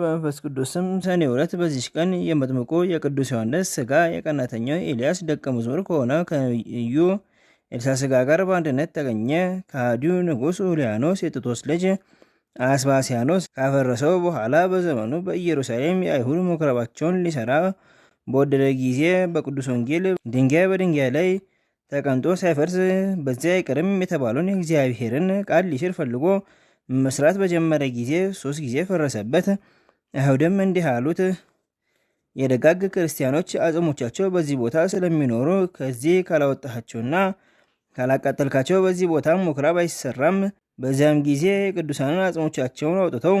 በመንፈስ ቅዱስም ሰኔ ሁለት በዚች ቀን የመጥምቁ የቅዱስ ዮሐንስ ስጋ። የቀናተኛው ኤልያስ ደቀ መዝሙር ከሆነ ከነቢዩ ኤልሳ ስጋ ጋር በአንድነት ተገኘ። ከሃዲው ንጉሥ ሁሊያኖስ የጥቶስ ልጅ አስባሲያኖስ ካፈረሰው በኋላ በዘመኑ በኢየሩሳሌም የአይሁድ ምኩራባቸውን ሊሰራ በወደደ ጊዜ በቅዱስ ወንጌል ድንጋይ በድንጋይ ላይ ተቀንጦ ሳይፈርስ በዚያ አይቀርም የተባለውን የእግዚአብሔርን ቃል ሊሽር ፈልጎ መስራት በጀመረ ጊዜ ሶስት ጊዜ ፈረሰበት። አይሁድም እንዲህ አሉት፣ የደጋግ ክርስቲያኖች አጽሞቻቸው በዚህ ቦታ ስለሚኖሩ ከዚህ ካላወጣቸውና ካላቃጠልካቸው በዚህ ቦታ ምኩራብ አይሰራም። በዚያም ጊዜ የቅዱሳንን አጽሞቻቸውን አውጥተው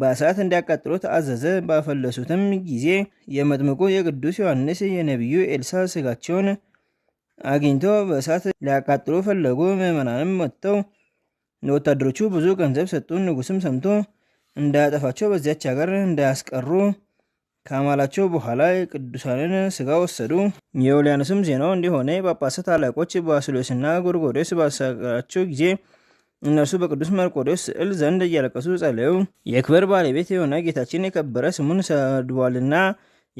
በእሳት እንዲያቃጥሉት አዘዘ። ባፈለሱትም ጊዜ የመጥምቁ የቅዱስ ዮሐንስ የነቢዩ ኤልሳ ስጋቸውን አግኝቶ በእሳት ሊያቃጥሉ ፈለጉ። ምዕመናንም መጥተው ለወታደሮቹ ብዙ ገንዘብ ሰጡ። ንጉስም ሰምቶ እንዳያጠፋቸው በዚያች ሀገር እንዳያስቀሩ ከአማላቸው በኋላ የቅዱሳንን ስጋ ወሰዱ። የውሊያኖስም ዜናው እንዲሆነ የጳጳሳት አለቆች ባስሎስና ጎርጎዴስ ባሳቀራቸው ጊዜ እነርሱ በቅዱስ መርቆዴዎስ ስዕል ዘንድ እያለቀሱ ጸለዩ። የክብር ባለቤት የሆነ ጌታችን የከበረ ስሙን ሰድቧልና።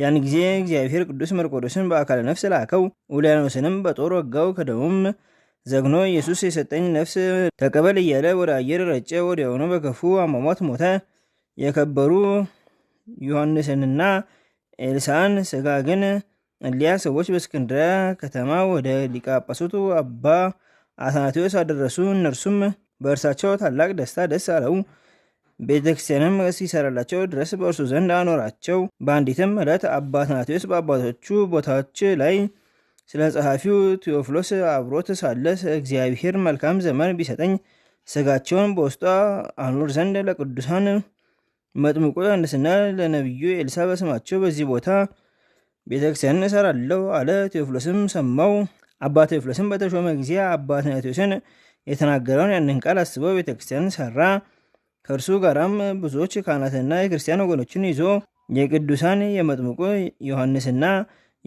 ያን ጊዜ እግዚአብሔር ቅዱስ መርቆዴዎስን በአካል ነፍስ ላከው፣ ውሊያኖስንም በጦር ወጋው። ከደሙም ዘግኖ ኢየሱስ የሰጠኝ ነፍስ ተቀበል እያለ ወደ አየር ረጨ። ወዲያውኑ በከፉ አሟሟት ሞተ። የከበሩ ዮሐንስንና ኤልሳን ስጋ ግን እሊያ ሰዎች በእስክንድርያ ከተማ ወደ ሊቃጳሱቱ አባ አትናቴዎስ አደረሱ። እነርሱም በእርሳቸው ታላቅ ደስታ ደስ አለው። ቤተክርስቲያንም ሲሰራላቸው ድረስ በእርሱ ዘንድ አኖራቸው። በአንዲትም ዕለት አባ አትናቴዎስ በአባቶቹ ቦታዎች ላይ ስለ ጸሐፊው ቴዎፍሎስ አብሮት ሳለ እግዚአብሔር መልካም ዘመን ቢሰጠኝ ስጋቸውን በውስጧ አኑር ዘንድ ለቅዱሳን መጥምቁ ዮሐንስና ለነቢዩ ኤልሳ በስማቸው በዚህ ቦታ ቤተክርስቲያን ክርስቲያንን እሰራለሁ አለ። ቴዎፍሎስም ሰማው። አባ ቴዎፍሎስም በተሾመ ጊዜ አባ ትናቴዎስን የተናገረውን ያንን ቃል አስበው ቤተክርስቲያን ሰራ። ከእርሱ ጋራም ብዙዎች ካህናትና የክርስቲያን ወገኖችን ይዞ የቅዱሳን የመጥምቁ ዮሐንስና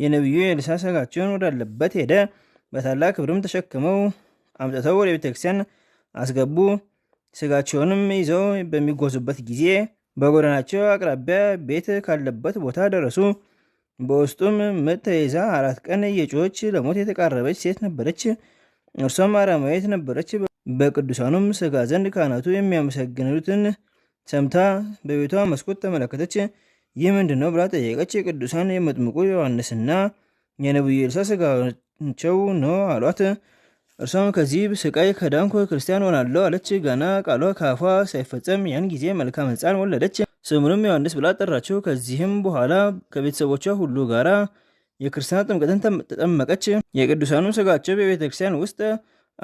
የነቢዩ ኤልሳ ስጋቸውን ወዳለበት ሄደ። በታላቅ ክብርም ተሸክመው አምጥተው ወደ ቤተክርስቲያን አስገቡ። ስጋቸውንም ይዘው በሚጓዙበት ጊዜ በጎዳናቸው አቅራቢያ ቤት ካለበት ቦታ ደረሱ። በውስጡም ምጥ ተይዛ አራት ቀን እየጮች ለሞት የተቃረበች ሴት ነበረች። እርሷም አረማዊት ነበረች። በቅዱሳኑም ስጋ ዘንድ ካህናቱ የሚያመሰግኑትን ሰምታ በቤቷ መስኮት ተመለከተች። ይህ ምንድን ነው ብላ ጠየቀች። ቅዱሳን የመጥምቁ ዮሐንስና የነቢዩ ኤልሳ ስጋቸው ነው አሏት። እርሷም ከዚህ ስቃይ ከዳንኩ ክርስቲያን ሆናለሁ አለች። ገና ቃሏ ከአፏ ሳይፈጸም ያን ጊዜ መልካም ሕፃን ወለደች። ስሙንም ዮሐንስ ብላ ጠራችው። ከዚህም በኋላ ከቤተሰቦቿ ሁሉ ጋር የክርስትና ጥምቀትን ተጠመቀች። የቅዱሳኑም ስጋቸው በቤተ ክርስቲያን ውስጥ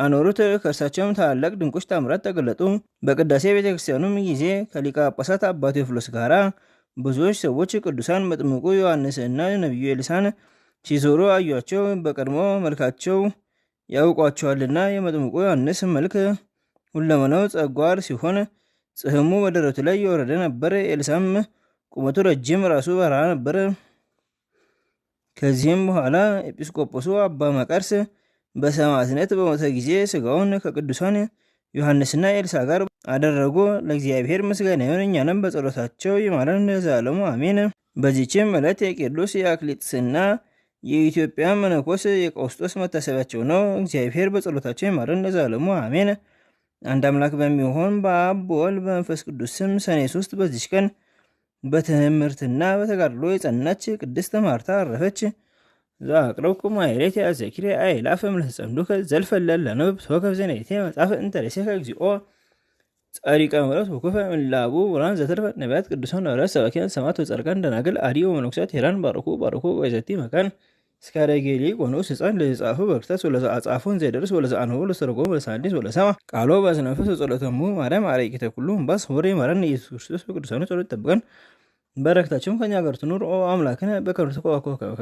አኖሩት። ከእርሳቸውም ታላላቅ ድንቆች ታምራት ተገለጡ። በቅዳሴ ቤተ ክርስቲያኑም ጊዜ ከሊቀ ጳጳሳት አባ ቴዎፍሎስ ጋር ብዙዎች ሰዎች ቅዱሳን መጥምቁ ዮሐንስ እና ነቢዩ ኤልሳን ሲዞሩ አዩቸው። በቀድሞ መልካቸው ያውቋቸዋልና። የመጥምቁ ዮሐንስ መልክ ሁለመናው ጸጓር ሲሆን ጽህሙ በደረቱ ላይ የወረደ ነበር። ኤልሳም ቁመቱ ረጅም፣ ራሱ በረሃ ነበር። ከዚህም በኋላ ኤጲስቆጶሱ አባ መቃርስ በሰማዕትነት በሞተ ጊዜ ስጋውን ከቅዱሳን ዮሐንስና ኤልሳ ጋር አደረጉ። ለእግዚአብሔር ምስጋና ይሁን፣ እኛንም በጸሎታቸው ይማረን ለዘላለሙ አሜን። በዚችም ዕለት የቅዱስ የአክሊጥስና የኢትዮጵያ መነኮስ የቀውስጦስ መታሰቢያቸው ነው። እግዚአብሔር በጸሎታቸው ይማረን ለዘላለሙ አሜን። አንድ አምላክ በሚሆን በአብ በወልድ በመንፈስ ቅዱስ ስም ሰኔ ሶስት በዚች ቀን በትምህርትና በተጋድሎ የጸናች ቅድስት ማርታ አረፈች። ዘአቅረብኩ ማኅሌተ አዘኪሬ አእላፈ እምለተጸምዱከ ዘልፈለለ ንብብ ሶከ በዘኔቴ መጽሐፈ እንተ እግዚኦ ጸሪቀ ምረት ወኩፈ ምላቡ ብርሃን ዘተርፈ ነቢያት ቅዱሳን ሐዋርያት ሰባኪያን ሰማት ወጻድቃን ደናግል አዲ ወመነኮሳት ሄራን ባርኩ ባርኩ ወይዘቲ መካን እስካደጌ ሊቅ ወንኡስ ህፀን ለጻፉ በርተስ ወለዛ አጻፉን ዘደርስ ወለዛ አንሆ ለሰርጎ ወለሳዲስ ወለሰማ ቃሎ በስነፍስ ጸሎተሙ ማርያም አረቂተ ኩሉ ባስ ሆሬ ማረን ኢየሱስ ክርስቶስ በቅዱሳኑ ጸሎት ጠብቀን በረከታቸውም ከኛ ጋር ትኑር ኦ አምላክነ በከርቱ